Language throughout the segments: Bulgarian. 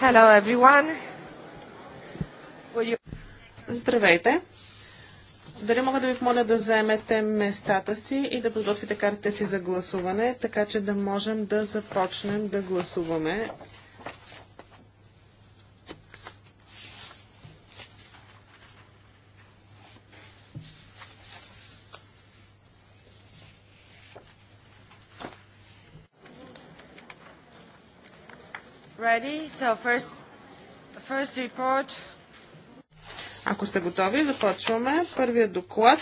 Hello everyone. You... Здравейте! Дали мога да ви помоля да заемете местата си и да подготвите картите си за гласуване, така че да можем да започнем да гласуваме ready, so first, first report. Ако сте готови, започваме. Първият доклад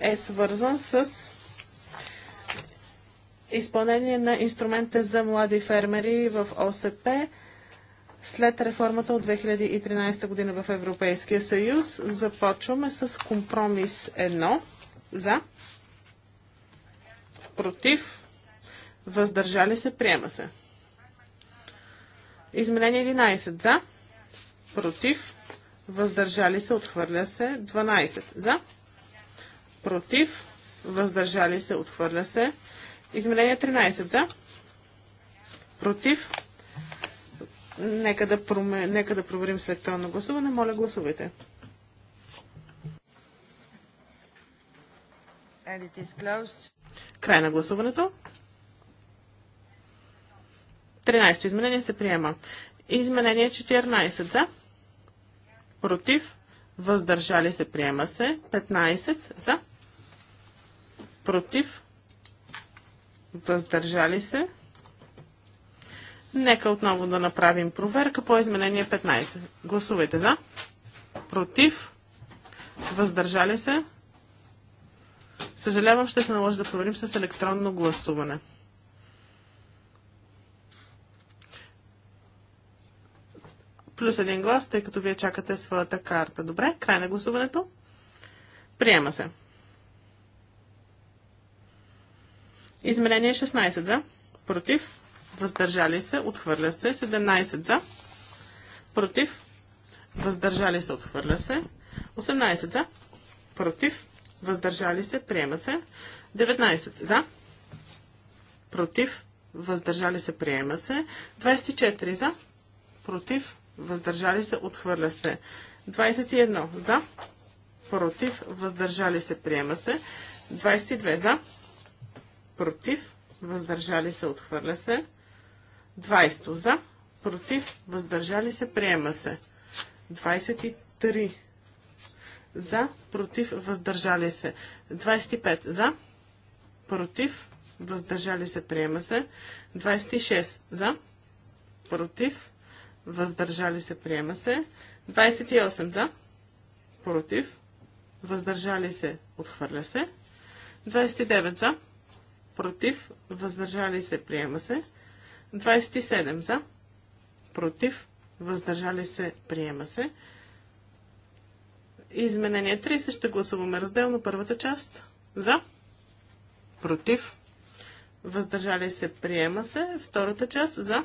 е свързан с изпълнение на инструментите за млади фермери в ОСП след реформата от 2013 година в Европейския съюз. Започваме с компромис 1 за, против, въздържали се, приема се. Изменение 11 за, против, въздържали се, отхвърля се. 12 за, против, въздържали се, отхвърля се. Изменение 13 за, против. Нека да, проме... Нека да проверим с електронно гласуване. Моля, гласувайте. Край на гласуването. 13 изменение се приема. Изменение 14 за. Против. Въздържали се приема се. 15 за. Против. Въздържали се. Нека отново да направим проверка по изменение 15. Гласувайте за. Против. Въздържали се. Съжалявам, ще се наложи да проверим с електронно гласуване. Плюс един глас, тъй като вие чакате своята карта. Добре, край на гласуването. Приема се. Измерение 16 за. Против. Въздържали се. Отхвърля се. 17 за. Против. Въздържали се. Отхвърля се. 18 за. Против. Въздържали се. Приема се. 19 за. Против. Въздържали се. Приема се. 24 за. Против въздържали се, отхвърля се. 21 за, против, въздържали се, приема се. 22 за, против, въздържали се, отхвърля се. 20 за, против, въздържали се, приема се. 23 за, против, въздържали се. 25 за, против, въздържали се, приема се. 26 за, против, въздържали се, приема се. 28 за, против, въздържали се, отхвърля се. 29 за, против, въздържали се, приема се. 27 за, против, въздържали се, приема се. Изменение 30 ще гласуваме разделно първата част. За, против, въздържали се, приема се. Втората част за,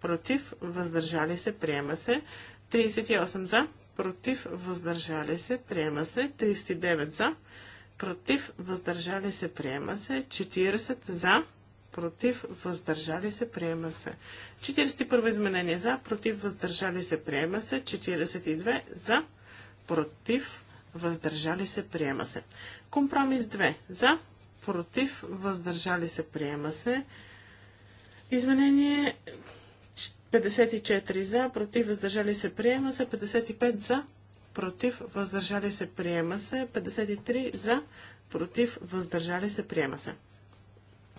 против, въздържали се, приема се. 38 за, против, въздържали се, приема се. 39 за, против, въздържали се, приема се. 40 за, против, въздържали се, приема се. 41 изменение за, против, въздържали се, приема се. 42 за, против, въздържали се, приема се. Компромис 2 за, против, въздържали се, приема се. Изменение 54 за, против, въздържали се, приема се. 55 за, против, въздържали се, приема се. 53 за, против, въздържали се, приема се.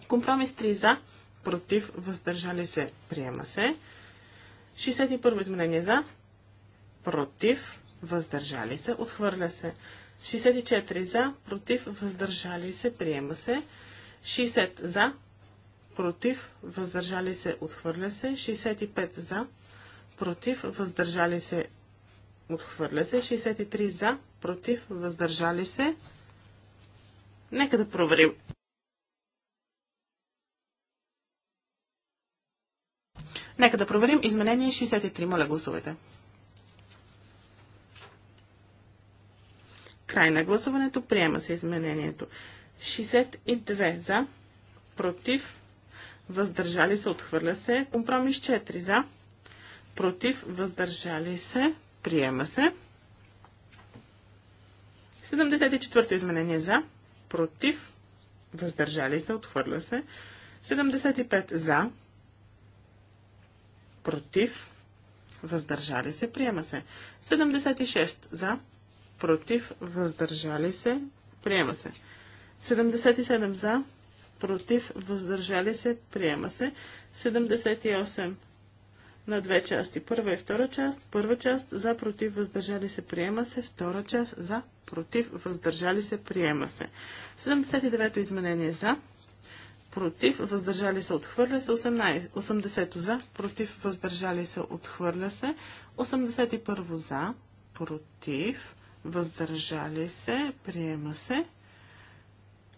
Компромис 3 за, против, въздържали се, приема се. 61 изменение за, против, въздържали се, отхвърля се. 64 за, против, въздържали се, приема се. 60 за, против, въздържали се, отхвърля се. 65 за, против, въздържали се, отхвърля се. 63 за, против, въздържали се. Нека да проверим. Нека да проверим изменение 63. Моля, гласувайте. Край на гласуването. Приема се изменението. 62 за, против, въздържали се, отхвърля се. Компромис 4 за, против, въздържали се, приема се. 74-то изменение за, против, въздържали се, отхвърля се. 75 за, против, въздържали се, приема се. 76 за, против, въздържали се, приема се. 77 за, против, въздържали се, приема се. 78 на две части. Първа и втора част. Първа част за против въздържали се приема се. Втора част за против въздържали се приема се. 79-то изменение за против въздържали се отхвърля се. 80 80 за против въздържали се отхвърля се. 81 за против въздържали се приема се.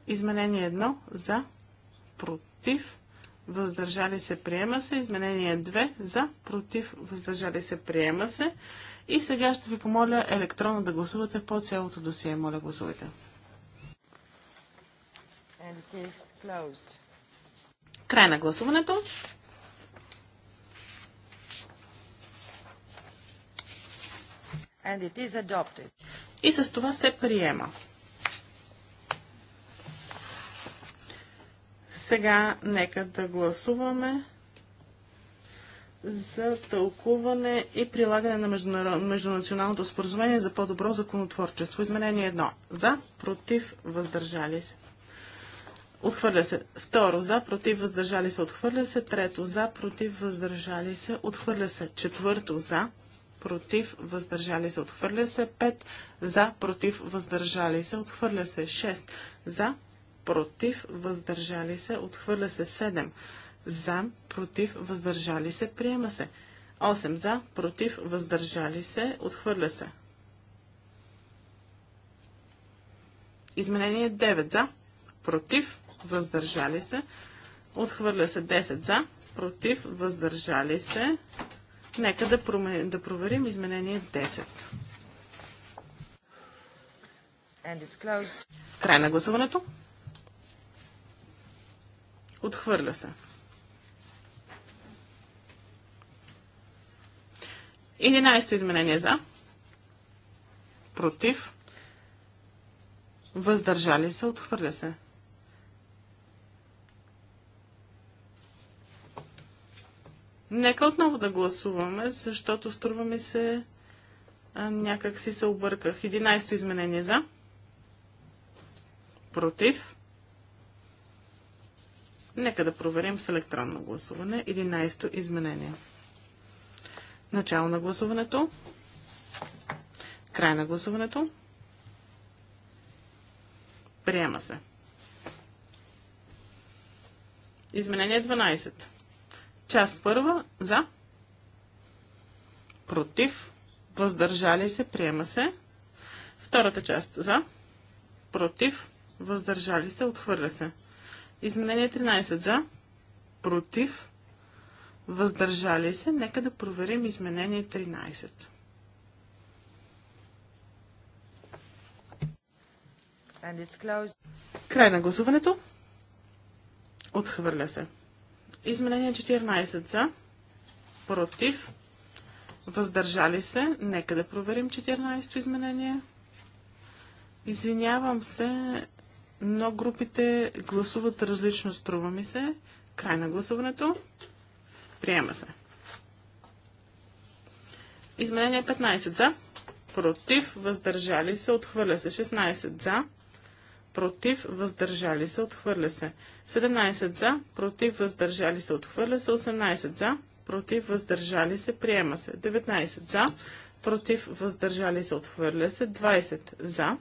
Изменение 1 за, против, въздържали се, приема се. Изменение 2 за, против, въздържали се, приема се. И сега ще ви помоля електронно да гласувате по цялото досие. Моля, гласувайте. Край на гласуването. И с това се приема. Сега нека да гласуваме за тълкуване и прилагане на междунационалното споразумение за по-добро законотворчество. Изменение 1. За, против, въздържали се. Отхвърля се. Второ, за, против, въздържали се. Отхвърля се. Трето, за, против, въздържали се. Отхвърля се. Четвърто, за, против, въздържали се. Отхвърля се. Пет, за, против, въздържали се. Отхвърля се. Шест, за, против, въздържали се, отхвърля се 7. За, против, въздържали се, приема се. 8. За, против, въздържали се, отхвърля се. Изменение 9. За, против, въздържали се, отхвърля се 10. За, против, въздържали се. Нека да, проме... да проверим изменение 10. Край на гласуването. Отхвърля се. 11 изменение за. Против. Въздържали се. Отхвърля се. Нека отново да гласуваме, защото струва ми се а, някак си се обърках. 11 изменение за. Против. Нека да проверим с електронно гласуване 11-то изменение. Начало на гласуването. Край на гласуването. Приема се. Изменение 12. Част първа за. Против. Въздържали се. Приема се. Втората част за. Против. Въздържали се. Отхвърля се. Изменение 13 за, против, въздържали се. Нека да проверим изменение 13. Край на гласуването. Отхвърля се. Изменение 14 за, против, въздържали се. Нека да проверим 14-то изменение. Извинявам се, но групите гласуват различно, струва ми се. Край на гласуването. Приема се. Изменение 15 за. Против, въздържали се, отхвърля се. 16 за. Против, въздържали се, отхвърля се. 17 за. Против, въздържали се, отхвърля се. 18 за. Против, въздържали се, приема се. 19 за. Против, въздържали се, отхвърля се. 20 за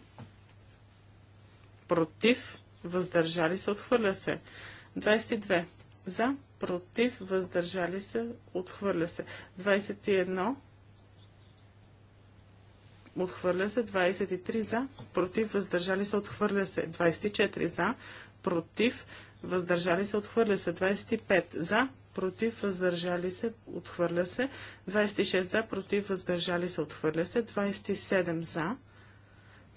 против, въздържали се, отхвърля се. 22. За, против, въздържали се, отхвърля се. 21. Отхвърля се. 23. За, против, въздържали се, отхвърля се. 24. За, против, въздържали се, отхвърля се. 25. За, против, въздържали се, отхвърля се. 26. За, против, въздържали се, отхвърля се. 27. За,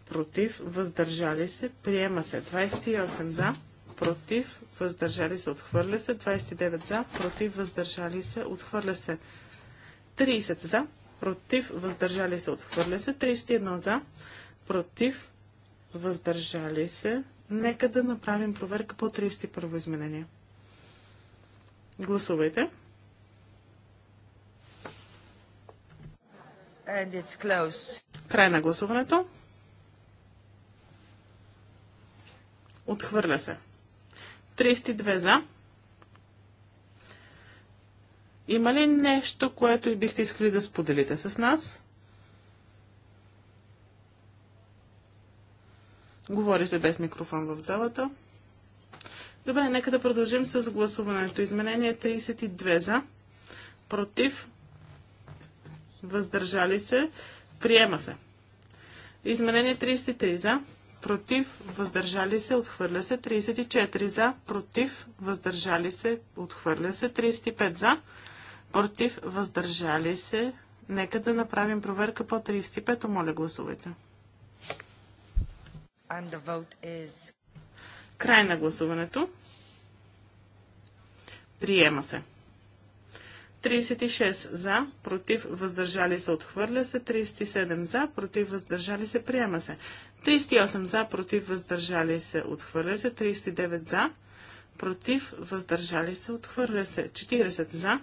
против, въздържали се, приема се. 28 за, против, въздържали се, отхвърля се. 29 за, против, въздържали се, отхвърля се. 30 за, против, въздържали се, отхвърля се. 31 за, против, въздържали се. Нека да направим проверка по 31 изменение. Гласувайте. Край на гласуването. Отхвърля се. 32 за. Има ли нещо, което и бихте искали да споделите с нас? Говори се без микрофон в залата. Добре, нека да продължим с гласуването. Изменение 32 за, против, въздържали се, приема се. Изменение 33 за, против, въздържали се, отхвърля се 34 за, против, въздържали се, отхвърля се 35 за, против, въздържали се. Нека да направим проверка по 35, моля гласувайте. Is... Край на гласуването. Приема се. 36 за, против, въздържали се, отхвърля се. 37 за, против, въздържали се, приема се. 38 за, против, въздържали се, отхвърля се. 39 за, против, въздържали се, отхвърля се. 40 за,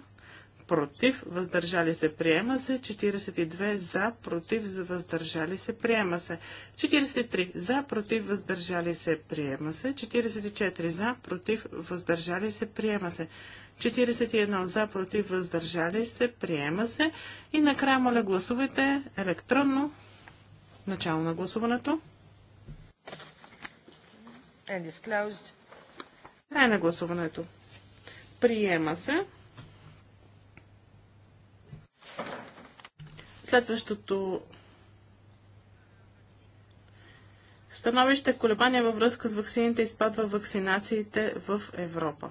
против, въздържали се, приема се. 42 за, против, въздържали се, приема се. 43 за, против, въздържали се, приема се. 44 за, против, въздържали се, приема се. 41 за, против, въздържали се, приема се. И накрая, моля, гласувайте електронно. Начало на гласуването. And is closed. Край на гласуването. Приема се. Следващото становище колебания във връзка с ваксините изпадва вакцинациите в Европа.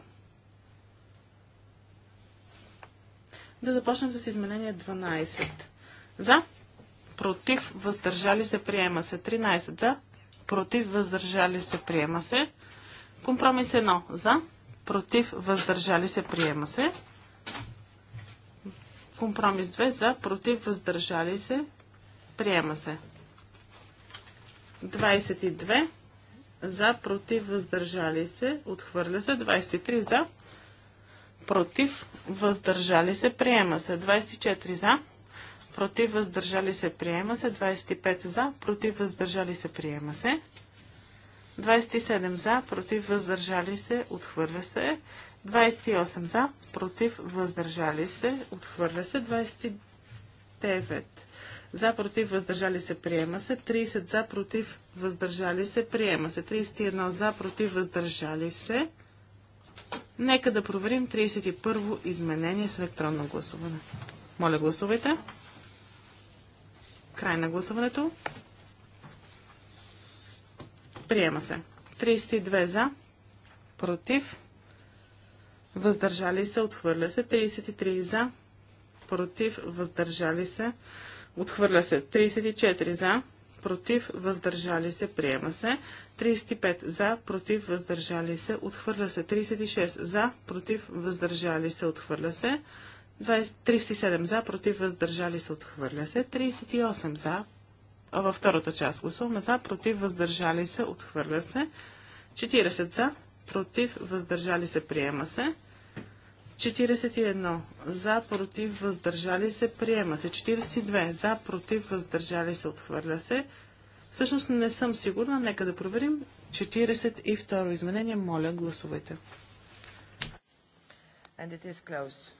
Да започнем с изменение 12. За? Против? Въздържали се? Приема се. 13. За? против, въздържали се, приема се. Компромис 1 за, против, въздържали се, приема се. Компромис 2 за, против, въздържали се, приема се. 22 за, против, въздържали се, отхвърля се. 23 за, против, въздържали се, приема се. 24 за, против въздържали се, приема се. 25 за, против въздържали се, приема се. 27 за, против въздържали се, отхвърля се. 28 за, против въздържали се, отхвърля се. 29 за, против въздържали се, приема се. 30 за, против въздържали се, приема се. 31 за, против въздържали се. Нека да проверим 31 изменение с електронно гласуване. Моля, гласувайте. Край на гласуването. Приема се. 32 за, против, въздържали се, отхвърля се. 33 за, против, въздържали се, отхвърля се. 34 за, против, въздържали се, приема се. 35 за, против, въздържали се, отхвърля се. 36 за, против, въздържали се, отхвърля се. 37 за, против, въздържали се, отхвърля се. 38 за, във втората част гласуваме за, против, въздържали се, отхвърля се. 40 за, против, въздържали се, приема се. 41 за, против, въздържали се, приема се. 42 за, против, въздържали се, отхвърля се. Всъщност не съм сигурна, нека да проверим. 42 изменение, моля, гласувайте. And it is closed.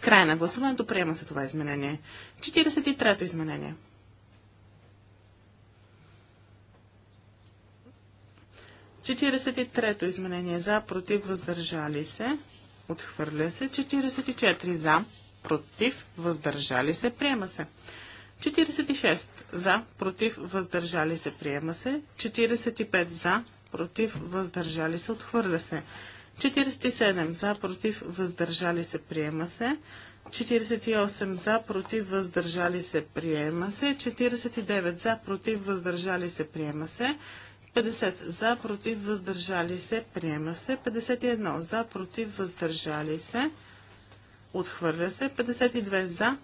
Край на гласуването приема се това изменение. 43-то изменение. Четиридесет и трето изменение за, против, въздържали се, отхвърля се. 44 за, против, въздържали се, приема се. 46 за, против, въздържали се, приема се. 45 за, против, въздържали се, отхвърля се. 47 за, против, въздържали се, приема се. 48 за, против, въздържали се, приема се. 49 за, против, въздържали се, приема се. 50 за, против, въздържали се, приема се. 51 за, против, въздържали се, отхвърля се. 52 за,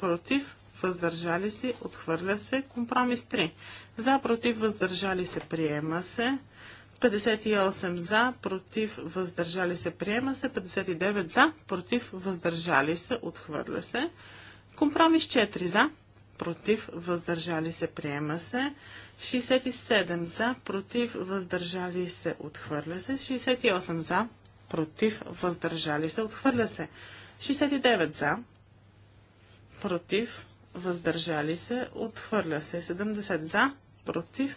против, въздържали се, отхвърля се. Компромис 3. За, против, въздържали се, приема се. 58 за, против, въздържали се, приема се. 59 за, против, въздържали се, отхвърля се. Компромис 4 за, против, въздържали се, приема се. 67 за, против, въздържали се, отхвърля се. 68 за, против, въздържали се, отхвърля се. 69 за, против, въздържали се, отхвърля се. 70 за, против,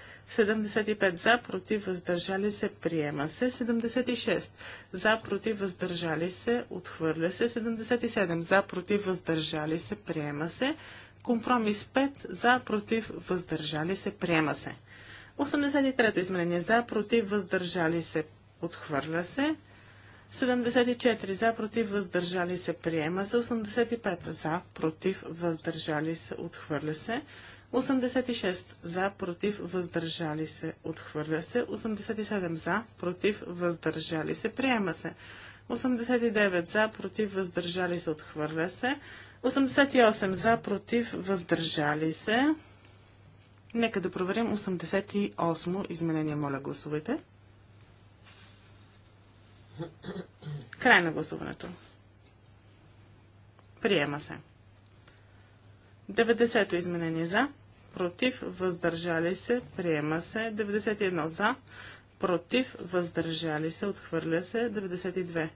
75 за, против, въздържали се, приема се. 76 за, против, въздържали се, отхвърля се. 77 за, против, въздържали се, приема се. Компромис 5 за, против, въздържали се, приема се. 83-то изменение за, против, въздържали се, отхвърля се. 74 за, против, въздържали се, приема се. 85 за, против, въздържали се, отхвърля се. 86 за, против, въздържали се, отхвърля се. 87 за, против, въздържали се, приема се. 89 за, против, въздържали се, отхвърля се. 88 за, против, въздържали се. Нека да проверим 88 изменение. Моля, гласувайте. Край на гласуването. Приема се. 90-то изменение за против, въздържали се, приема се. 91 за, против, въздържали се, отхвърля се. 92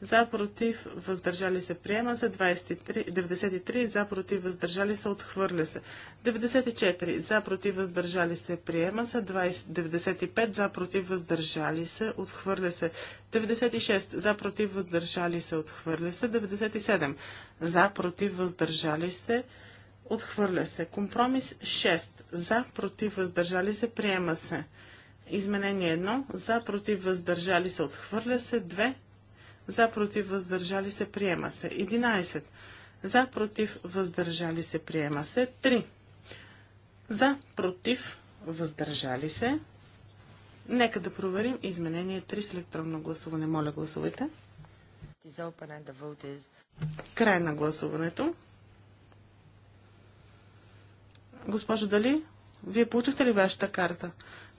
за, против, въздържали се, приема се. 23, 93 за, против, въздържали се, отхвърля се. 94 за, против, въздържали се, приема се. 20, 95 за, против, въздържали се, отхвърля се. 96 за, против, въздържали се, отхвърля се. 97 за, против, въздържали се, се. Отхвърля се. Компромис 6. За, против, въздържали се, приема се. Изменение 1. За, против, въздържали се, отхвърля се. 2. За, против, въздържали се, приема се. 11. За, против, въздържали се, приема се. 3. За, против, въздържали се. Нека да проверим изменение 3 с електронно гласуване. Моля, гласувайте. Край на гласуването. Госпожо Дали, вие получихте ли вашата карта?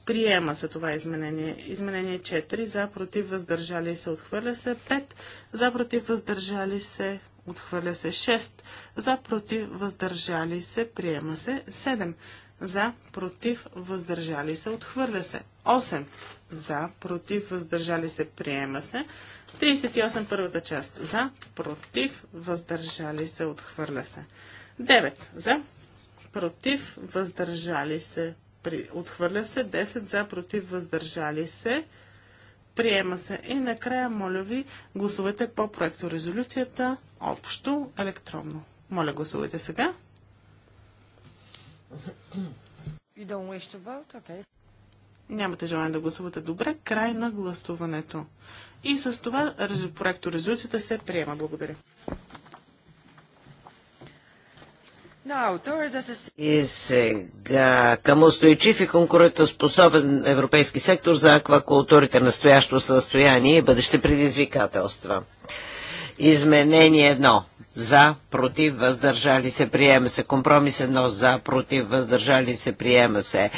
Приема се това изменение. Изменение 4. За, против, въздържали се, отхвърля се. 5. За, против, въздържали се, отхвърля се. 6. За, против, въздържали се, приема се. 7. За, против, въздържали се, отхвърля се. 8. За, против, въздържали се, приема се. 38. Първата част. За, против, въздържали се, отхвърля се. 9. За, против, въздържали се. При... Отхвърля се 10 за, против, въздържали се. Приема се. И накрая, моля ви, гласувайте по проекто резолюцията общо електронно. Моля, гласувайте сега. Нямате желание да гласувате добре. Край на гласуването. И с това проекто резолюцията се приема. Благодаря. И сега към устойчив и конкурентоспособен европейски сектор за аквакултурите, настоящо състояние и бъдеще предизвикателства. Изменение едно. За, против, въздържали се, приема се. Компромис едно За, против, въздържали се, приема се.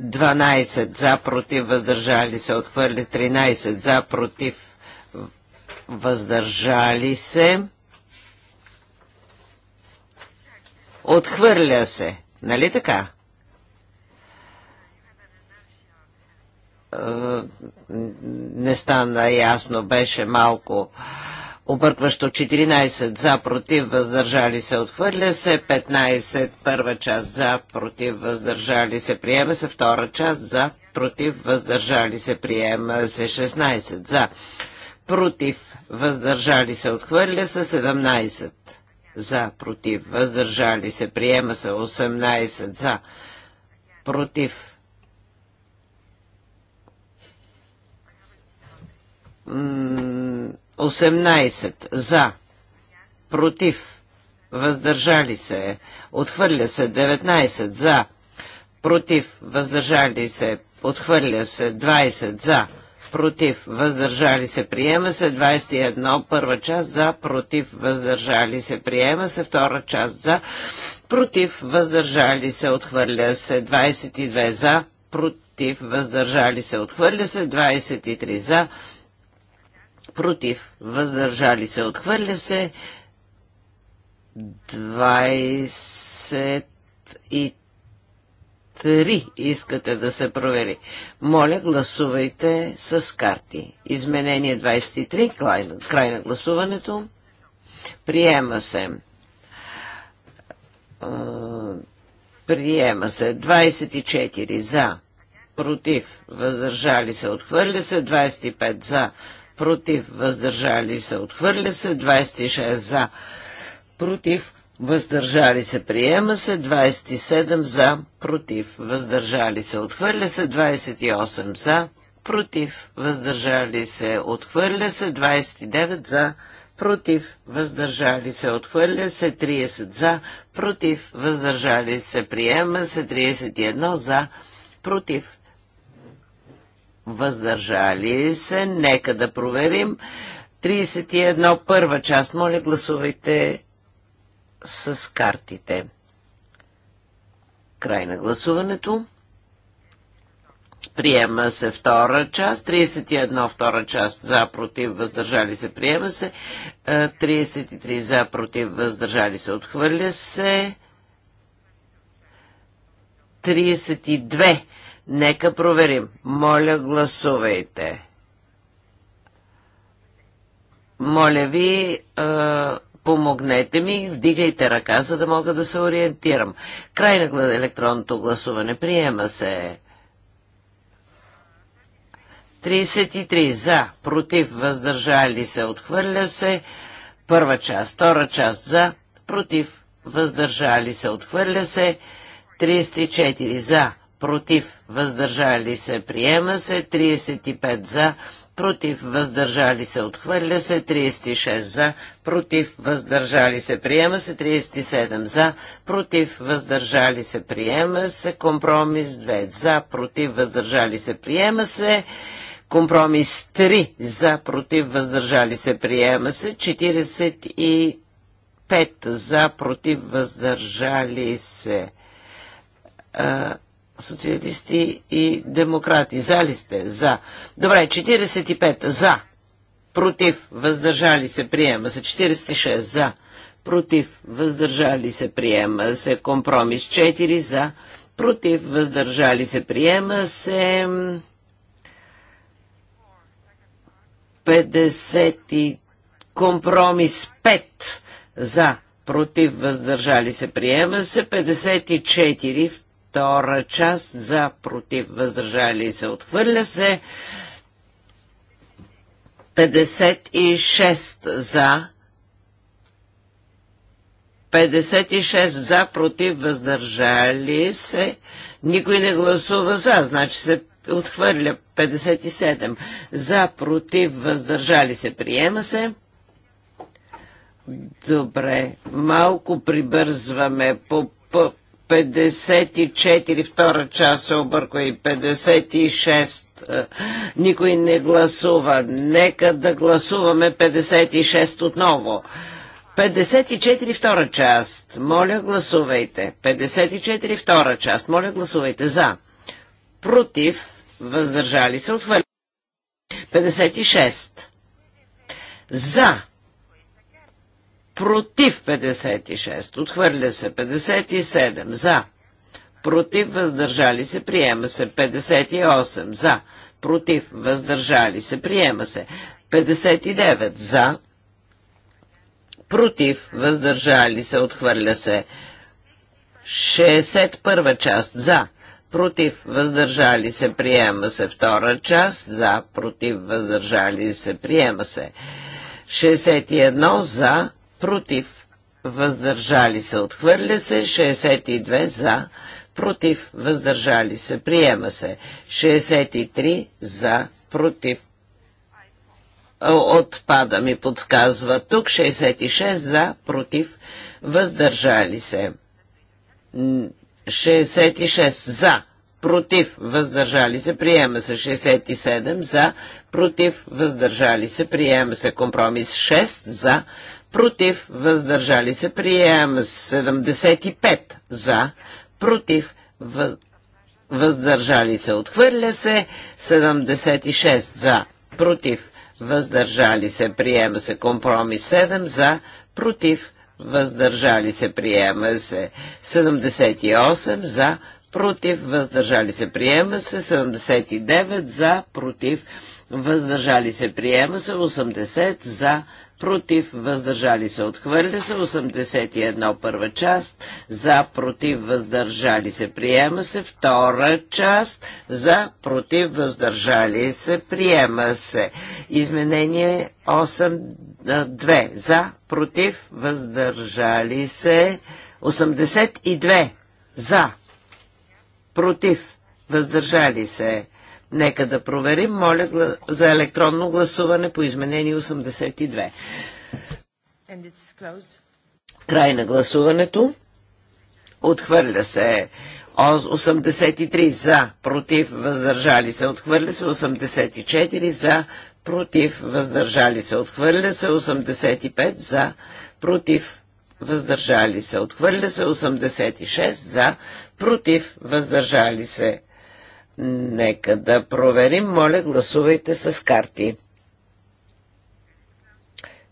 12. За, против, въздържали се, отхвърли. 13. За, против, въздържали се. Отхвърля се. Нали така? Е, не стана ясно, беше малко объркващо 14 за, против, въздържали се, отхвърля се, 15 първа част за, против, въздържали се, приема се, втора част за, против, въздържали се, приема се, 16 за, против, въздържали се, отхвърля се, 17 за, против, въздържали се, приема се 18 за, против. М 18 за, против, въздържали се, отхвърля се 19 за, против, въздържали се, отхвърля се 20 за, против, въздържали се, приема се. 21, първа част за, против, въздържали се, приема се. Втора част за, против, въздържали се, отхвърля се. 22 за, против, въздържали се, отхвърля се. 23 за, против, въздържали се, отхвърля се. 23 3 искате да се провери. Моля, гласувайте с карти. Изменение 23, край, край на гласуването. Приема се. Приема се. 24 за. Против. Въздържали се. Отхвърля се. 25 за. Против. Въздържали се. Отхвърля се. 26 за. Против въздържали се, приема се, 27 за, против, въздържали се, отхвърля се, 28 за, против, въздържали се, отхвърля се, 29 за, против, въздържали се, отхвърля се, 30 за, против, въздържали се, приема се, 31 за, против, въздържали се, нека да проверим. 31 първа част, моля гласувайте с картите. Край на гласуването. Приема се втора част, 31 втора част за против въздържали се, приема се, 33 е, за против въздържали се, отхвърля се, 32. Нека проверим. Моля, гласувайте. Моля ви, е, помогнете ми, вдигайте ръка, за да мога да се ориентирам. Край на електронното гласуване. Приема се. 33 за, против, въздържали се, отхвърля се. Първа част, втора част за, против, въздържали се, отхвърля се. 34 за, против, въздържали се, приема се. 35 за, против, въздържали се, отхвърля се, 36 за, против, въздържали се, приема се, 37 за, против, въздържали се, приема се, компромис 2 за, против, въздържали се, приема се, компромис 3 за, против, въздържали се, приема се, 45 за, против, въздържали се социалисти и демократи. За ли сте? За. Добре, 45 за. Против. Въздържали се. Приема се. 46 за. Против. Въздържали се. Приема се. Компромис 4 за. Против. Въздържали се. Приема се. 50 компромис 5 за против въздържали се приема се 54 Втора част за против въздържали се отхвърля се. 56 за 56 за, против, въздържали се. Никой не гласува за, значи се отхвърля 57. За, против, въздържали се, приема се. Добре, малко прибързваме по, по 54, втора част се обърква и 56. Е, никой не гласува. Нека да гласуваме 56 отново. 54 втора част. Моля гласувайте. 54 втора част. Моля гласувайте за. Против. Въздържали се. Отхвърли. 56. За против 56, отхвърля се 57, за, против въздържали се, приема се 58, за, против въздържали се, приема се 59, за, против въздържали се, отхвърля се 61 част, за, против въздържали се, приема се втора част, за, против въздържали се, приема се 61 за, против, въздържали се, отхвърля се, 62 за, против, въздържали се, приема се, 63 за, против, отпада ми подсказва тук, 66 за, против, въздържали се, 66 за, против, въздържали се, приема се 67 за, против, въздържали се, приема се компромис 6 за, против, въздържали се, приема 75 за, против, въздържали се, отхвърля се, 76 за, против, въздържали се, приема се, компромис 7 за, против, въздържали се, приема се, 78 за, против, въздържали се, приема се, 79 за, против, въздържали се, приема се, 80 за, против, въздържали се, отхвърля се, 81 първа част, за, против, въздържали се, приема се, втора част, за, против, въздържали се, приема се. Изменение 82, 2 за, против, въздържали се, 82, за, против, въздържали се, Нека да проверим, моля, за електронно гласуване по изменение 82. Край на гласуването. Отхвърля се 83 за, против, въздържали се. Отхвърля се 84 за, против, въздържали се. Отхвърля се 85 за, против, въздържали се. Отхвърля се 86 за, против, въздържали се. Нека да проверим. Моля, гласувайте с карти.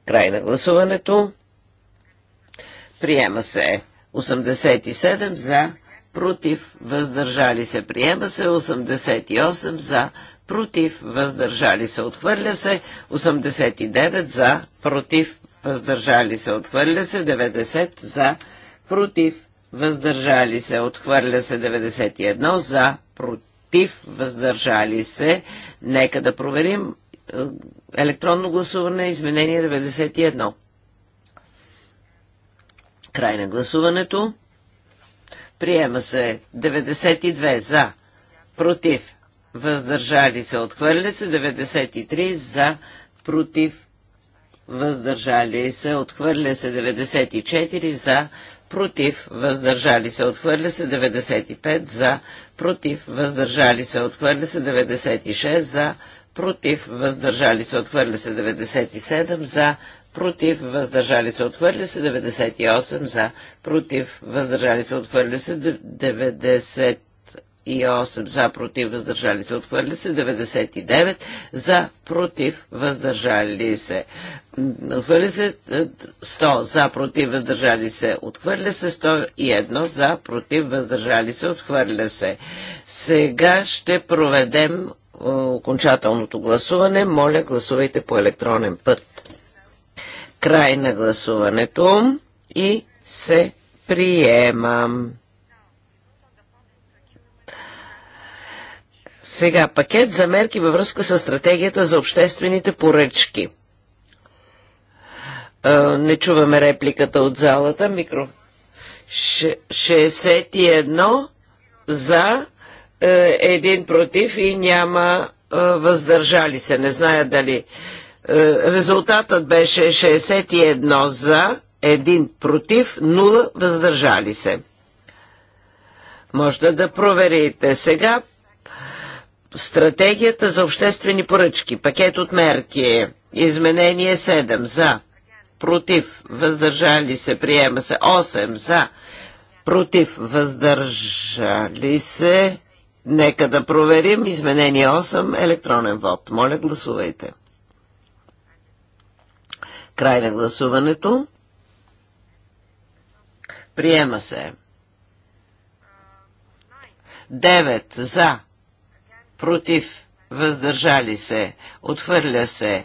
Край на гласуването. Приема се 87 за, против, въздържали се. Приема се 88 за, против, въздържали се. Отхвърля се 89 за, против, въздържали се. Отхвърля се 90 за, против, въздържали се. Отхвърля се 91 за, против против, въздържали се. Нека да проверим е, електронно гласуване, изменение 91. Край на гласуването. Приема се 92 за, против, въздържали се, отхвърля се 93 за, против, въздържали се, отхвърля се 94 за, против, въздържали се, отхвърля се 95 за, против, въздържали се, отхвърля се 96 за, против, въздържали се, отхвърля се 97 за, против, въздържали се, отхвърля се 98 за, против, въздържали се, отхвърля се 90 и 8 за против въздържали се. Отхвърли се 99 за против въздържали се. Отхвърли се 100 е, за против въздържали се. Отхвърля се 101 за против въздържали се. Отхвърля се. Сега ще проведем е, окончателното гласуване. Моля, гласувайте по електронен път. Край на гласуването и се приемам. Сега пакет за мерки във връзка с стратегията за обществените поръчки. Не чуваме репликата от залата. Микро. 61 за, е, един против и няма е, въздържали се. Не зная дали. Е, резултатът беше 61 за, 1 против, 0 въздържали се. Може да проверите сега Стратегията за обществени поръчки. Пакет от мерки. Изменение 7. За. Против. Въздържали се. Приема се. 8. За. Против. Въздържали се. Нека да проверим. Изменение 8. Електронен вод. Моля, гласувайте. Край на гласуването. Приема се. 9 за против, въздържали се, отхвърля се.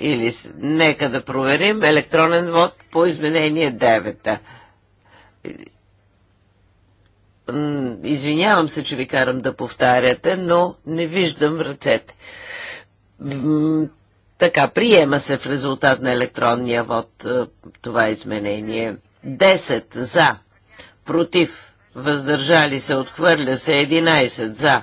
Или нека да проверим електронен вод по изменение 9. Извинявам се, че ви карам да повтаряте, но не виждам ръцете. Така, приема се в резултат на електронния вод е, това изменение. 10 за, против, въздържали се, отхвърля се, 11 за,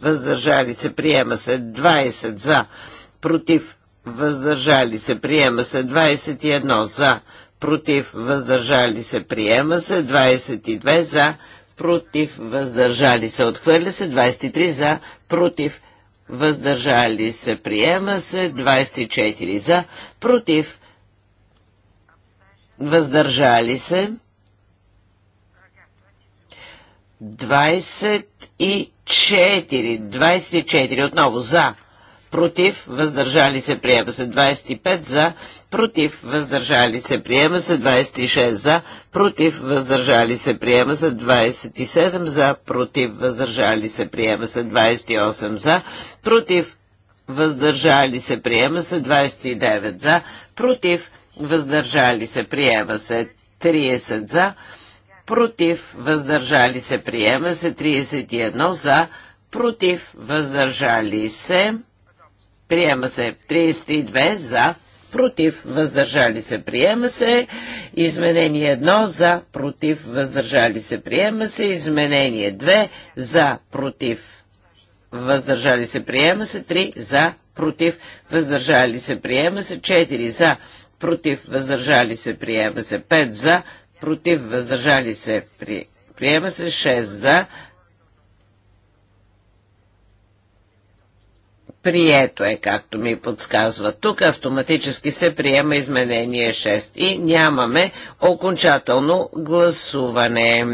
въздържали се, приема се 20 за, против, въздържали се, приема се 21 за, против, въздържали се, приема се 22 за, против, въздържали се, отхвърля се 23 за, против, въздържали се, приема се 24 за, против, въздържали се 20 и 4, 24 отново за, против, въздържали се, приема се 25 за, против, въздържали се, приема се 26 за, против, въздържали се, приема се 27 за, против, въздържали се, приема се 28 за, против, въздържали се, приема се 29 за, против, въздържали се, приема се 30 за, против, въздържали се, приема се 31 за, против, въздържали се, приема се 32 за, против, въздържали се, приема се, изменение 1 за, против, въздържали се, приема се, изменение 2 за, против, въздържали се, приема се, 3 за, против, въздържали се, приема се, 4 за, против, въздържали се, приема се, 5 за, против, въздържали се, при, приема се 6 за, прието е, както ми подсказва. Тук автоматически се приема изменение 6 и нямаме окончателно гласуване.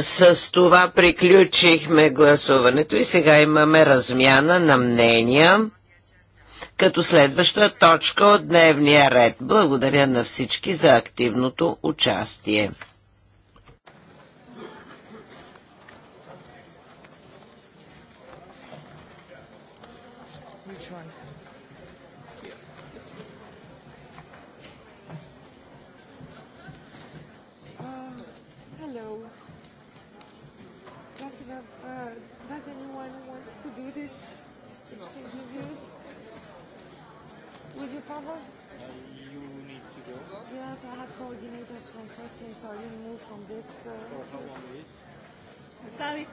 С това приключихме гласуването и сега имаме размяна на мнения като следваща точка от дневния ред. Благодаря на всички за активното участие.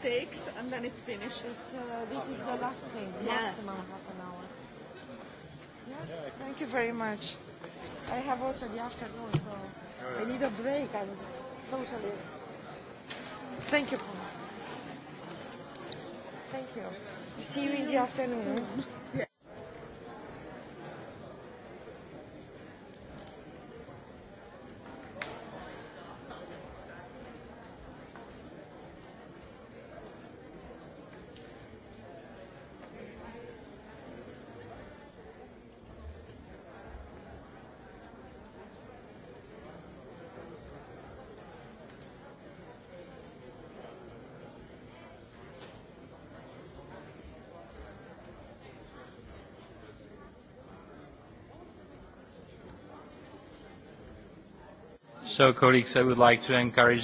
takes, and then it's finished. It's, uh, this is the last thing, yeah. maximum half an hour. Yeah? Thank you very much. I have also the afternoon, so I need a break. I'm totally. Thank you, Paul. Thank you. See you in the afternoon.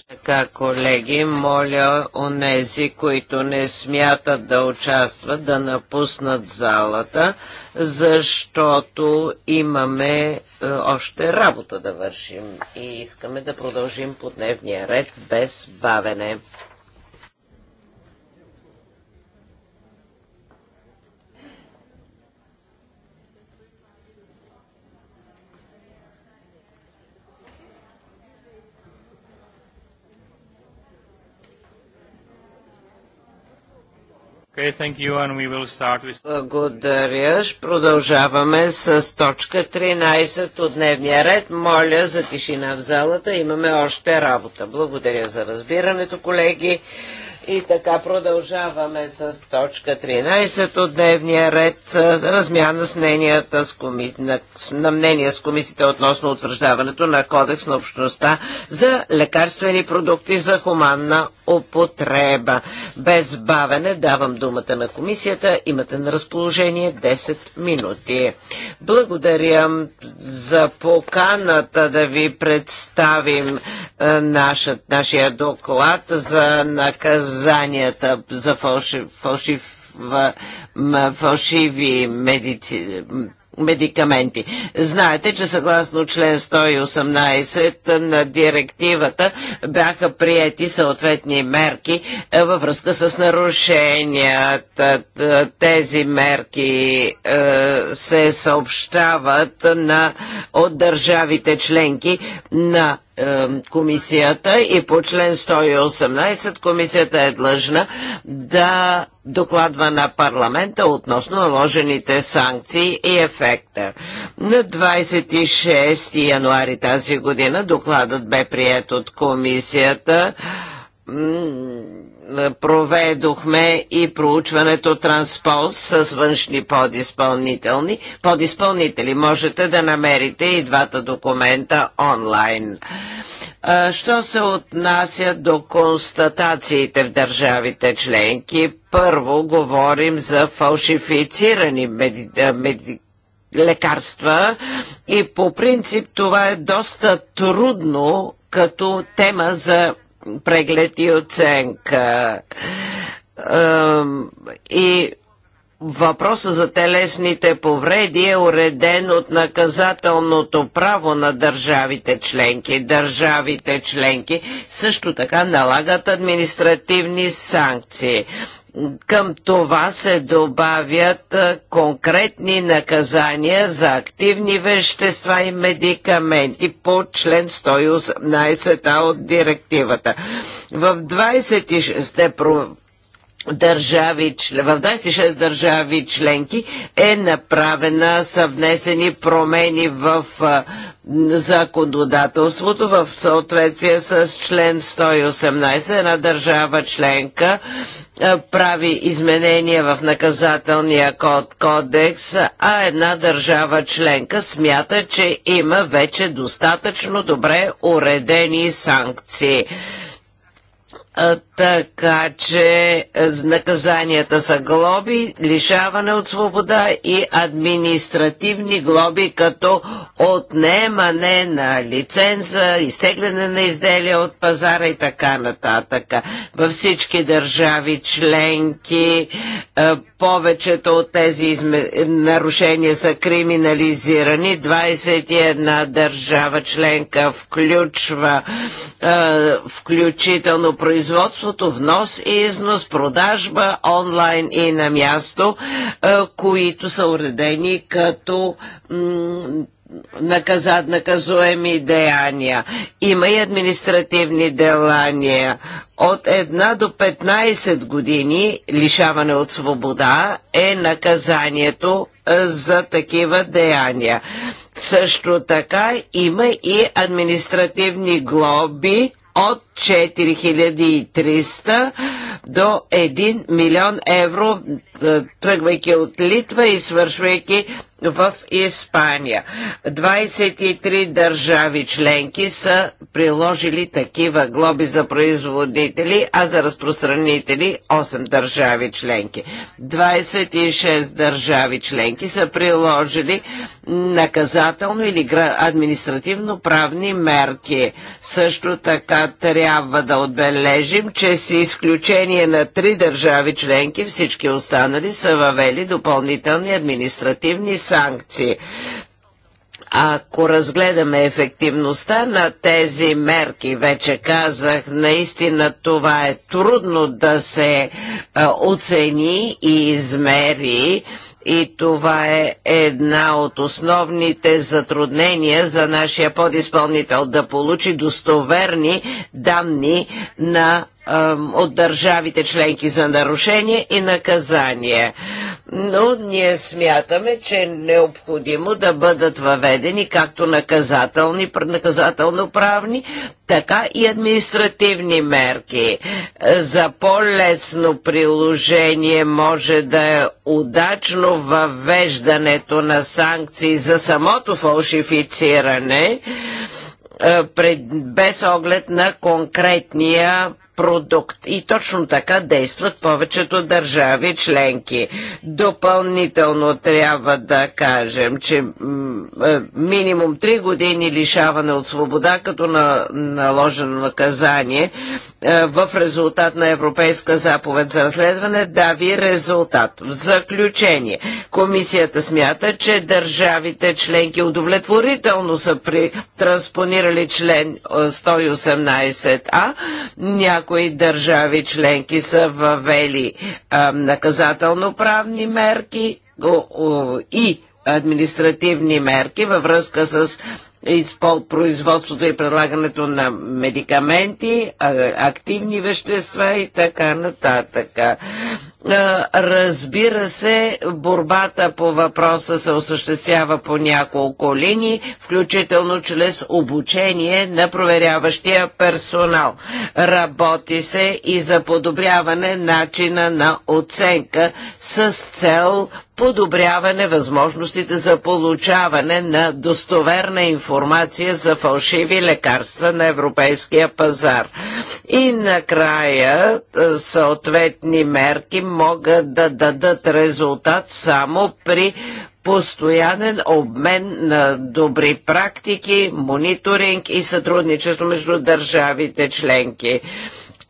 Така, колеги, моля онези, които не смятат да участват, да напуснат залата, защото имаме е, още работа да вършим и искаме да продължим по дневния ред без бавене. Благодаря. Продължаваме с точка 13 от дневния ред. Моля за тишина в залата. Имаме още работа. Благодаря за разбирането, колеги. И така продължаваме с точка 13 от дневния ред. Размяна с мненията с коми... на... на мнения с комисията относно утвърждаването на Кодекс на общността за лекарствени продукти за хуманна употреба. Без бавене давам думата на комисията. Имате на разположение 10 минути. Благодаря за поканата да ви представим нашия доклад за наказ наказанията за фалшив, фалшив, фалшиви медици, медикаменти. Знаете, че съгласно член 118 на директивата бяха приети съответни мерки е, във връзка с нарушенията. Тези мерки е, се съобщават на, от държавите членки на комисията и по член 118 комисията е длъжна да докладва на парламента относно наложените санкции и ефекта. На 26 януари тази година докладът бе прият от комисията е, проведохме и проучването Транспол с външни подиспълнителни. Подизпълнители можете да намерите и двата документа онлайн. Е, що се отнася до констатациите в държавите членки, първо говорим за фалшифицирани меди... Е, меди лекарства и по принцип това е доста трудно като тема за преглед и оценка. И Въпросът за телесните повреди е уреден от наказателното право на държавите членки. Държавите членки също така налагат административни санкции. Към това се добавят конкретни наказания за активни вещества и медикаменти по член 118 от директивата. В 26 държави, в 26 държави членки е направена съвнесени промени в законодателството в съответствие с член 118. Една държава членка прави изменения в наказателния код, кодекс, а една държава членка смята, че има вече достатъчно добре уредени санкции така че е, наказанията са глоби, лишаване от свобода и административни глоби, като отнемане на лиценза, изтегляне на изделия от пазара и така нататък. Във всички държави членки е, повечето от тези изме... нарушения са криминализирани. 21 държава членка включва е, включително производство производството, внос и износ, продажба онлайн и на място, които са уредени като наказат наказуеми деяния. Има и административни делания. От 1 до 15 години лишаване от свобода е наказанието за такива деяния. Също така има и административни глоби от 4300 до 1 милион евро, е, тръгвайки от Литва и свършвайки в Испания. 23 държави членки са приложили такива глоби за производители, а за разпространители 8 държави членки. 26 държави членки са приложили наказателни наказателно или административно-правни мерки. Също така трябва да отбележим, че с изключение на три държави членки, всички останали са въвели допълнителни административни санкции ако разгледаме ефективността на тези мерки, вече казах, наистина това е трудно да се а, оцени и измери, и това е една от основните затруднения за нашия подизпълнител да получи достоверни данни на от държавите членки за нарушение и наказание. Но ние смятаме, че е необходимо да бъдат въведени както наказателни, наказателно-правни, така и административни мерки. За по-лесно приложение може да е удачно въвеждането на санкции за самото фалшифициране, без оглед на конкретния продукт. И точно така действат повечето държави членки. Допълнително трябва да кажем, че е, минимум 3 години лишаване от свобода като на наложено наказание е, в резултат на Европейска заповед за разследване дави резултат. В заключение, комисията смята, че държавите членки удовлетворително са при транспонирали член 118а. Е, някои някои държави членки са въвели наказателно-правни мерки и административни мерки във връзка с производството и предлагането на медикаменти, активни вещества и така нататък. Е, разбира се, борбата по въпроса се осъществява по няколко линии, включително чрез обучение на проверяващия персонал. Работи се и за подобряване начина на оценка с цел подобряване възможностите за получаване на достоверна информация за фалшиви лекарства на европейския пазар. И накрая е, съответни мерки могат да дадат резултат само при постоянен обмен на добри практики, мониторинг и сътрудничество между държавите членки.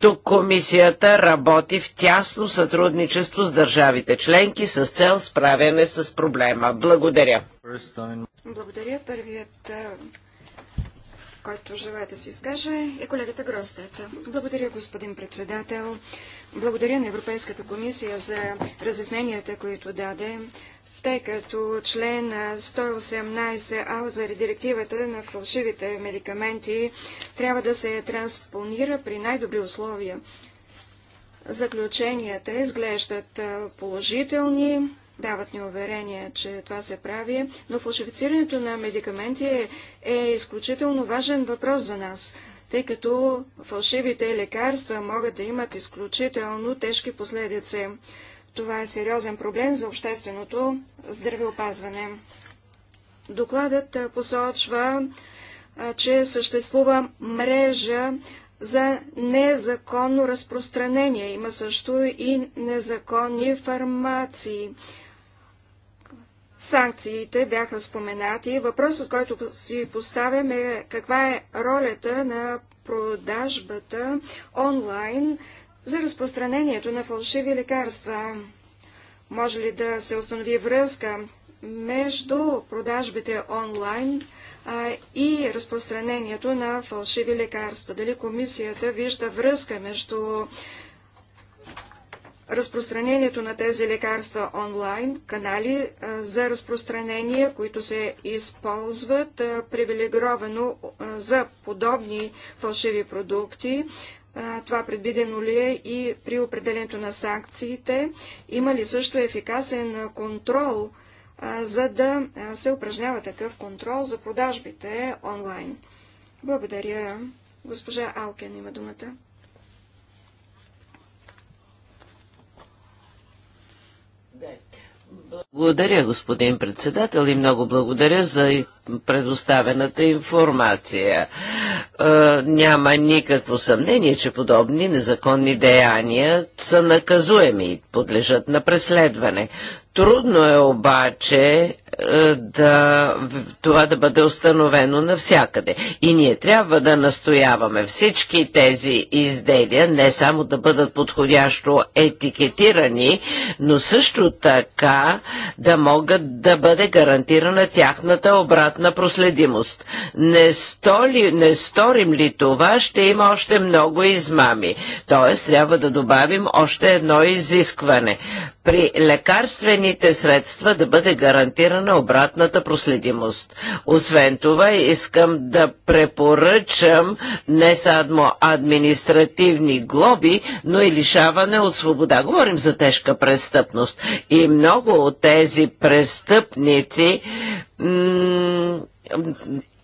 Тук комисията работи в тясно сътрудничество с държавите членки с цел справяне с проблема. Благодаря. Благодаря. Първият, който желая да се изкаже, е колегата Гростета. Благодаря, господин председател. Благодаря на Европейската комисия за разясненията, които даде тъй като член 118а заради директивата на фалшивите медикаменти трябва да се транспонира при най-добри условия. Заключенията изглеждат положителни, дават ни уверение, че това се прави, но фалшифицирането на медикаменти е, е изключително важен въпрос за нас, тъй като фалшивите лекарства могат да имат изключително тежки последици. Това е сериозен проблем за общественото здравеопазване. Докладът посочва, че съществува мрежа за незаконно разпространение. Има също и незаконни фармации. Санкциите бяха споменати. Въпросът, който си поставям е каква е ролята на продажбата онлайн за разпространението на фалшиви лекарства. Може ли да се установи връзка между продажбите онлайн а, и разпространението на фалшиви лекарства? Дали комисията вижда връзка между разпространението на тези лекарства онлайн, канали а, за разпространение, които се използват привилегировано за подобни фалшиви продукти, това предвидено ли е и при определенето на санкциите? Има ли също ефикасен контрол, за да се упражнява такъв контрол за продажбите онлайн? Благодаря. Госпожа Алкен има думата. Благодаря, господин председател, и много благодаря за предоставената информация. Е, няма никакво съмнение, че подобни незаконни деяния са наказуеми и подлежат на преследване. Трудно е обаче е, да, това да бъде установено навсякъде. И ние трябва да настояваме всички тези изделия не само да бъдат подходящо етикетирани, но също така да могат да бъде гарантирана тяхната обратна проследимост. Не, столи, не сторим ли това, ще има още много измами. Тоест трябва да добавим още едно изискване при лекарствените средства да бъде гарантирана обратната проследимост. Освен това, искам да препоръчам не само административни глоби, но и лишаване от свобода. Говорим за тежка престъпност. И много от тези престъпници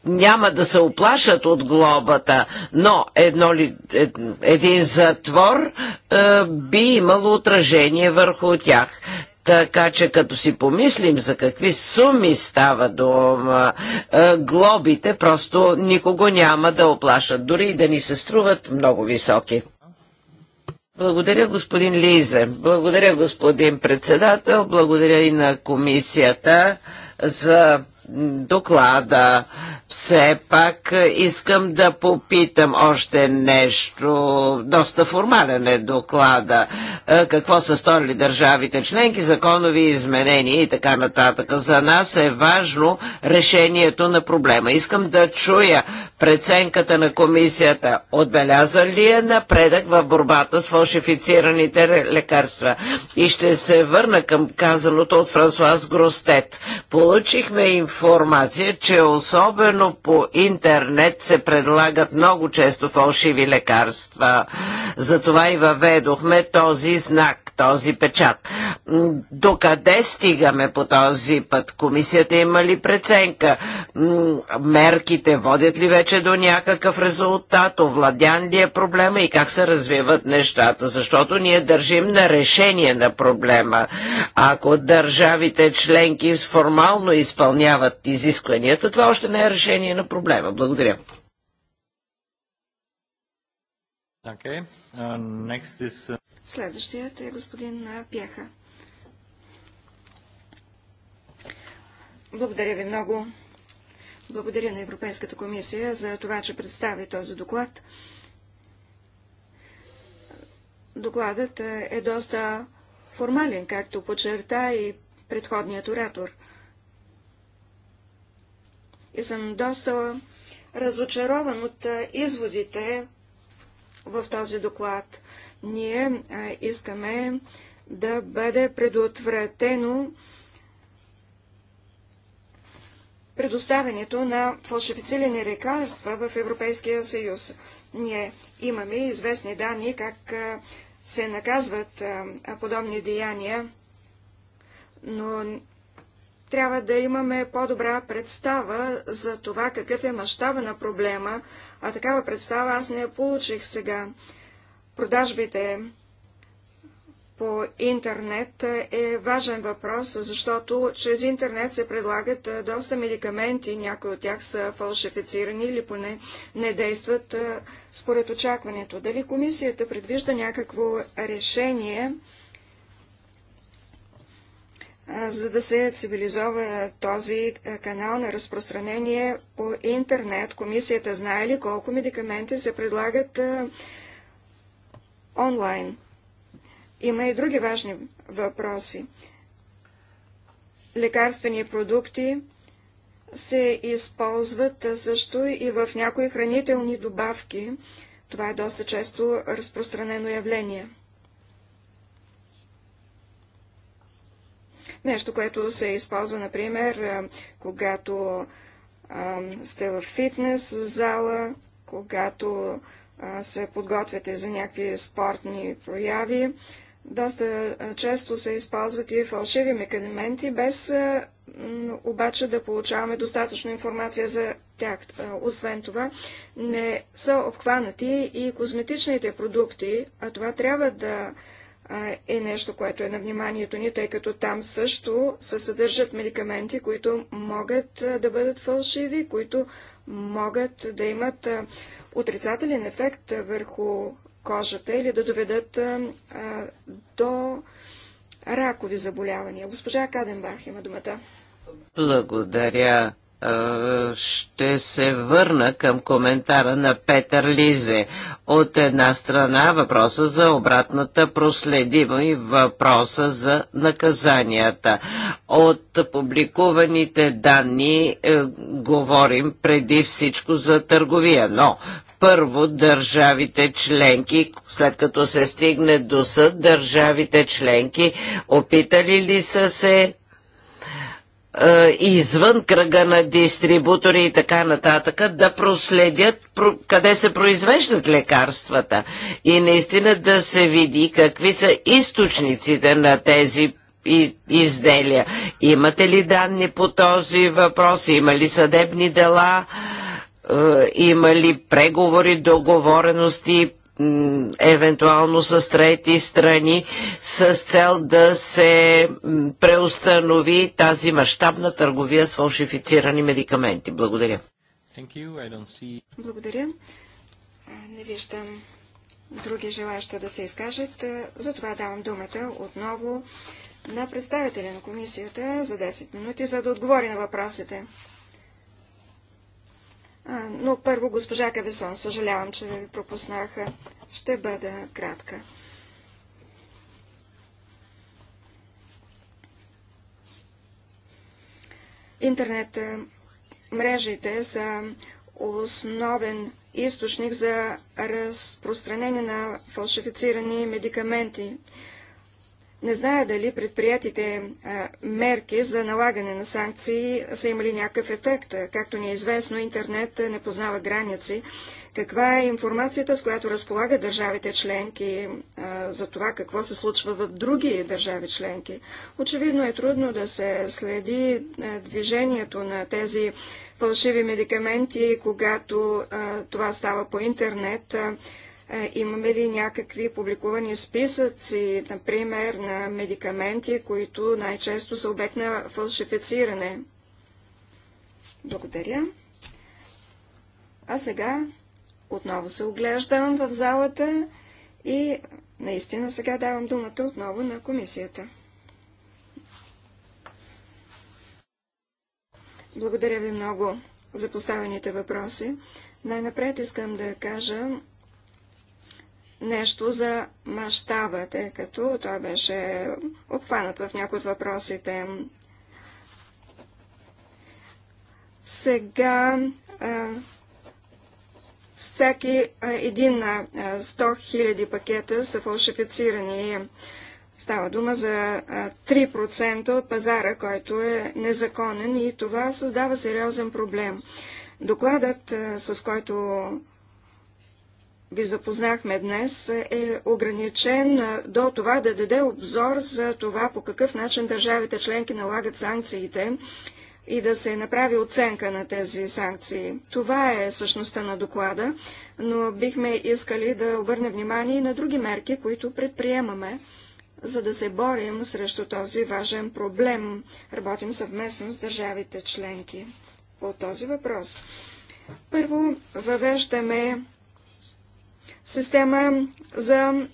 няма да се оплашат от глобата, но едно ли, ед, един затвор е, би имало отражение върху тях. Така че като си помислим за какви суми става е, глобите просто никого няма да оплашат, дори и да ни се струват много високи. Благодаря, господин Лизе. Благодаря, господин председател. Благодаря и на комисията за доклада. Все пак искам да попитам още нещо. Доста формален е доклада. Е, какво са сторили държавите членки, законови изменения и така нататък. За нас е важно решението на проблема. Искам да чуя преценката на комисията. отбеляза ли е напредък в борбата с фалшифицираните лекарства? И ще се върна към казаното от Франсуаз Гростет. Получихме информация информация, че особено по интернет се предлагат много често фалшиви лекарства. Затова и въведохме този знак, този печат. Докъде стигаме по този път? Комисията има ли преценка? Мерките водят ли вече до някакъв резултат? Овладян ли е проблема и как се развиват нещата? Защото ние държим на решение на проблема. Ако държавите членки формално изпълняват спазват изискванията, това още не е решение на проблема. Благодаря. Okay. Uh, is... Следващият е господин Пяха. Благодаря ви много. Благодаря на Европейската комисия за това, че представи този доклад. Докладът е доста формален, както подчерта и предходният оратор и съм доста разочарован от изводите в този доклад. Ние искаме да бъде предотвратено предоставянето на фалшифицирани лекарства в Европейския съюз. Ние имаме известни данни как се наказват подобни деяния, но трябва да имаме по-добра представа за това какъв е мащаба на проблема, а такава представа аз не я получих сега. Продажбите по интернет е важен въпрос, защото чрез интернет се предлагат доста медикаменти, някои от тях са фалшифицирани или поне не действат според очакването. Дали комисията предвижда някакво решение? за да се цивилизова този канал на разпространение по интернет. Комисията знае ли колко медикаменти се предлагат онлайн? Има и други важни въпроси. Лекарствени продукти се използват също и в някои хранителни добавки. Това е доста често разпространено явление. Нещо, което се използва, например, когато сте в фитнес зала, когато се подготвяте за някакви спортни прояви. Доста често се използват и фалшиви меканименти, без обаче да получаваме достатъчно информация за тях. Освен това, не са обхванати и козметичните продукти, а това трябва да е нещо, което е на вниманието ни, тъй като там също се съдържат медикаменти, които могат да бъдат фалшиви, които могат да имат отрицателен ефект върху кожата или да доведат до ракови заболявания. Госпожа Каденбах има думата. Благодаря ще се върна към коментара на Петър Лизе. От една страна въпроса за обратната проследима и въпроса за наказанията. От публикуваните данни е, говорим преди всичко за търговия, но първо държавите членки, след като се стигне до съд, държавите членки опитали ли са се е, извън кръга на дистрибутори и така нататък, да проследят къде се произвеждат лекарствата и наистина да се види какви са източниците на тези и изделия. Имате ли данни по този въпрос? Има ли съдебни дела? Е, има ли преговори, договорености, евентуално с трети страни, с цел да се преустанови тази мащабна търговия с фалшифицирани медикаменти. Благодаря. See... Благодаря. Не виждам други желаща да се изкажат. Затова давам думата отново на представителя на комисията за 10 минути, за да отговори на въпросите но първо госпожа Кавесон, съжалявам, че ви пропуснаха. Ще бъда кратка. Интернет мрежите са основен източник за разпространение на фалшифицирани медикаменти. Не зная дали предприятите мерки за налагане на санкции са имали някакъв ефект. Както ни е известно, интернет не познава граници. Каква е информацията, с която разполагат държавите членки а, за това какво се случва в други държави членки? Очевидно е трудно да се следи а, движението на тези фалшиви медикаменти, когато а, това става по интернет. Е, имаме ли някакви публикувани списъци, например, на медикаменти, които най-често са обект на фалшифициране? Благодаря. А сега отново се оглеждам в залата и наистина сега давам думата отново на комисията. Благодаря ви много за поставените въпроси. Най-напред искам да кажа, нещо за мащаба, тъй като той беше обхванат в някои от въпросите. Сега всеки един на 100 000 пакета са фалшифицирани. Става дума за 3% от пазара, който е незаконен и това създава сериозен проблем. Докладът, с който ви запознахме днес, е ограничен до това да даде обзор за това по какъв начин държавите членки налагат санкциите и да се направи оценка на тези санкции. Това е същността на доклада, но бихме искали да обърнем внимание и на други мерки, които предприемаме, за да се борим срещу този важен проблем. Работим съвместно с държавите членки по този въпрос. Първо въвеждаме система за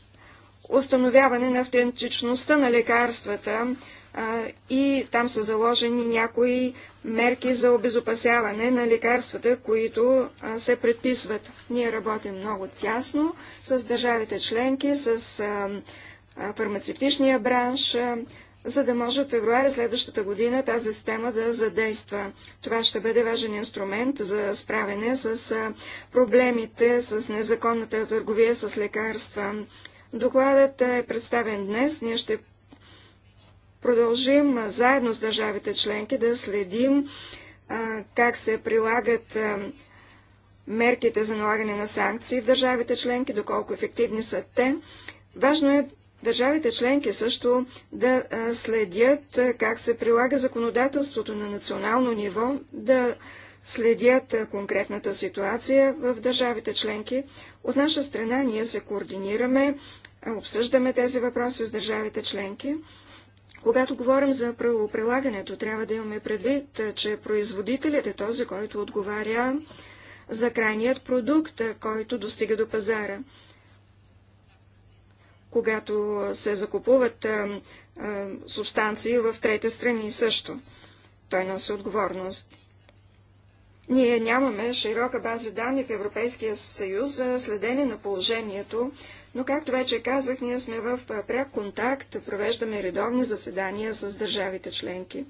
установяване на автентичността на лекарствата а, и там са заложени някои мерки за обезопасяване на лекарствата, които а, се предписват. Ние работим много тясно с държавите членки, с а, фармацевтичния бранш, за да може от февруари следващата година тази система да задейства. Това ще бъде важен инструмент за справяне с проблемите с незаконната търговия с лекарства. Докладът е представен днес. Ние ще продължим заедно с държавите членки да следим как се прилагат мерките за налагане на санкции в държавите членки, доколко ефективни са те. Важно е държавите членки също да следят как се прилага законодателството на национално ниво, да следят конкретната ситуация в държавите членки. От наша страна ние се координираме, обсъждаме тези въпроси с държавите членки. Когато говорим за правоприлагането, трябва да имаме предвид, че производителят е този, който отговаря за крайният продукт, който достига до пазара когато се закупуват а, а, субстанции в трети страни също. Той носи отговорност. Ние нямаме широка база данни в Европейския съюз за следение на положението, но, както вече казах, ние сме в пряк контакт, провеждаме редовни заседания с държавите членки.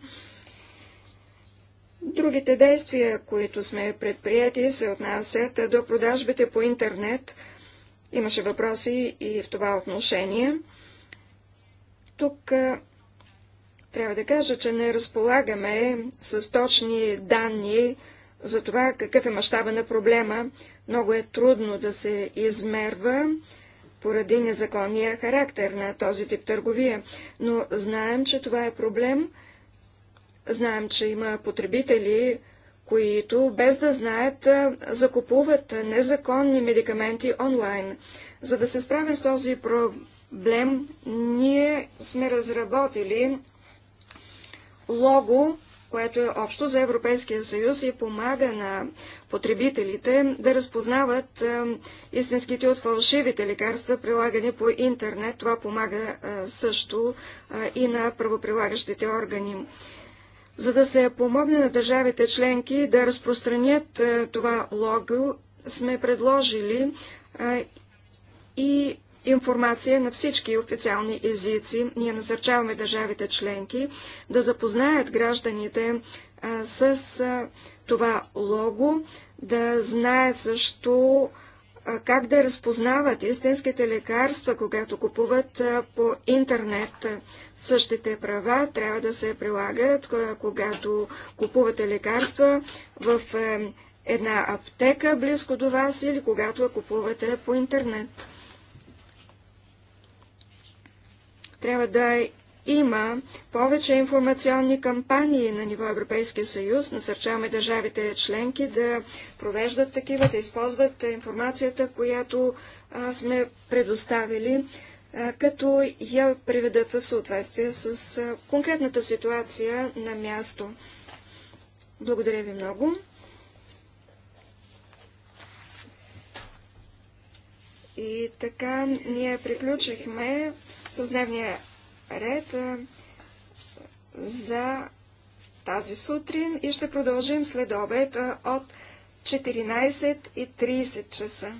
Другите действия, които сме предприяти, се отнасят до продажбите по интернет – Имаше въпроси и в това отношение. Тук трябва да кажа, че не разполагаме с точни данни за това какъв е мащаба на проблема. Много е трудно да се измерва поради незаконния характер на този тип търговия. Но знаем, че това е проблем. Знаем, че има потребители, които без да знаят закупуват незаконни медикаменти онлайн. За да се справим с този проблем, ние сме разработили лого, което е общо за Европейския съюз и помага на потребителите да разпознават истинските от фалшивите лекарства, прилагани по интернет. Това помага също и на правоприлагащите органи за да се помогне на държавите членки да разпространят е, това лого, сме предложили е, и информация на всички официални езици. Ние насърчаваме държавите членки да запознаят гражданите е, с това лого, да знаят също как да разпознават истинските лекарства, когато купуват по интернет. Същите права трябва да се прилагат, когато купувате лекарства в една аптека близко до вас или когато я купувате по интернет. Трябва да има повече информационни кампании на ниво Европейския съюз. Насърчаваме държавите членки да провеждат такива, да използват информацията, която сме предоставили, като я приведат в съответствие с конкретната ситуация на място. Благодаря ви много. И така ние приключихме с дневния ред за тази сутрин и ще продължим след обед от 14.30 часа.